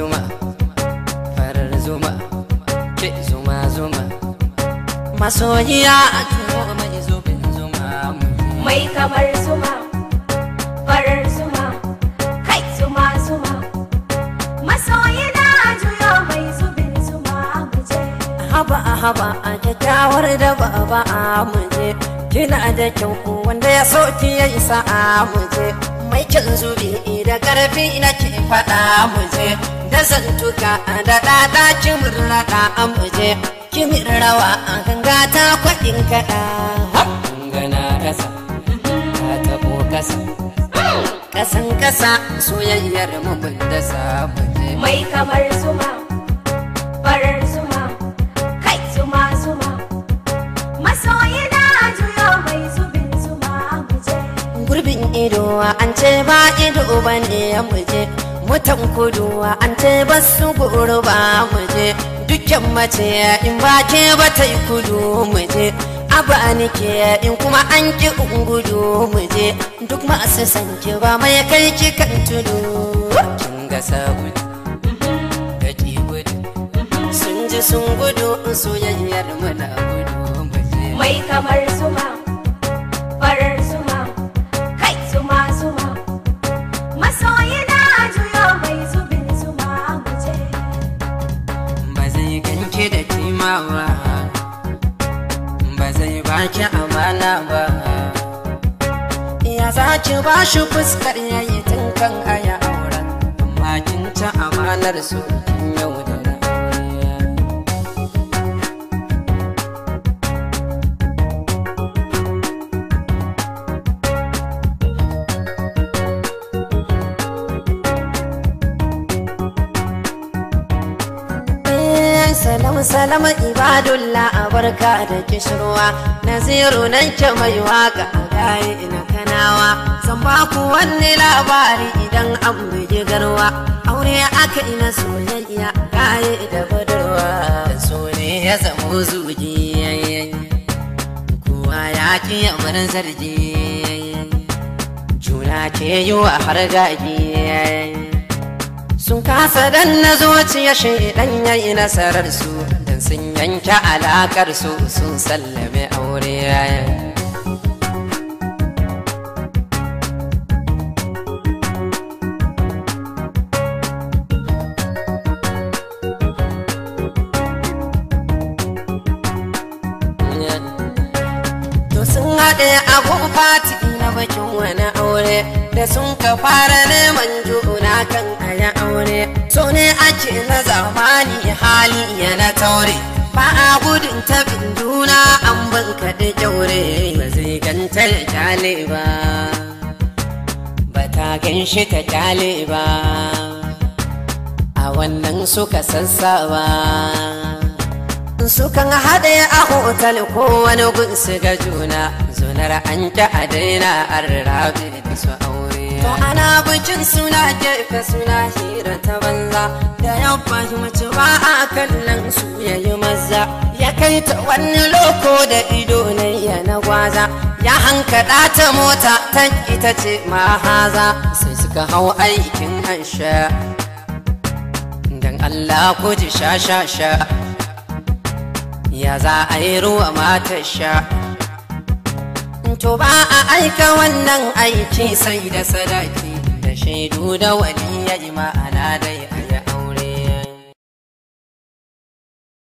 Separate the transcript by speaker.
Speaker 1: zuma farar zuma ke zuma zuma masoyiya a mai zubin zuma mai kamar zuma farar zuma kai zuma zuma masoyina a juyo mai zubin zuma haba a haba a kyakkyawar da ba a muje kina da kyau wanda ya soki ya isa a muje mai kin zubi da karfi nake faɗa muje da zantuka da ɗaɗa kimir raɗa muje kimir rawa a ganga ta kwaɗin kaɗa. Gana ƙasa, ta taɓo ƙasa. Ƙasan ƙasa soyayyar mu da sa muje. Mai kamar zuma. ido an ce ba ido ba ne muje mutan kudu an ce ba su guru ba muje dukkan mace in ba ke ba ta yi kudu muje aba nike in kuma an ki gudu muje duk masu sanki ba mai kai ki kan tudu kin ga sabon gudu sun ji sun gudu soyayyar mana gudu mai kamar su ma baki ki amana ba ya za ki ba shi fuskar yayi tun kan aya auren amma kin ta amanar su yau Kai salam salam ibadullah abarka da kishirwa Naziru nan ke mai waka a gaye ina kanawa Zan ba ku wani labari idan an bugi garwa Aure aka ina soyayya gaye da budurwa So ne ya samu zuji Kowa ya ki yamar zargi Juna ke yi wa har gaji sun kasa dan na zuciya shaidan ya yi nasarar su dan sun yanke alakar su sun sallame aure yayan fati na bakin wani aure da sun ka fara neman juna kan mulki na zamani hali ya na taure ba a gudun tabin juna an banka da ƙyaure. ba zai ganta da kyale ba ba ta gan ta kyale ba a wannan suka sassawa sukan haɗe a hotel ko wani gunsu ga juna zunar an ta a daina an rabe da su aure To ana bikin suna gefe suna hira ta banza da ya fahimci ba a kallon su ya yi maza ya kai ta wani loko da ido na ya na gwaza ya hankada ta mota ta ita ce mahaza sai suka hau aikin hansha dan Allah ku ji sha sha sha ya za a yi ruwa mata sha to ba a aika wannan aiki sai da sadaki da shaidu da wani ya ma'ana dai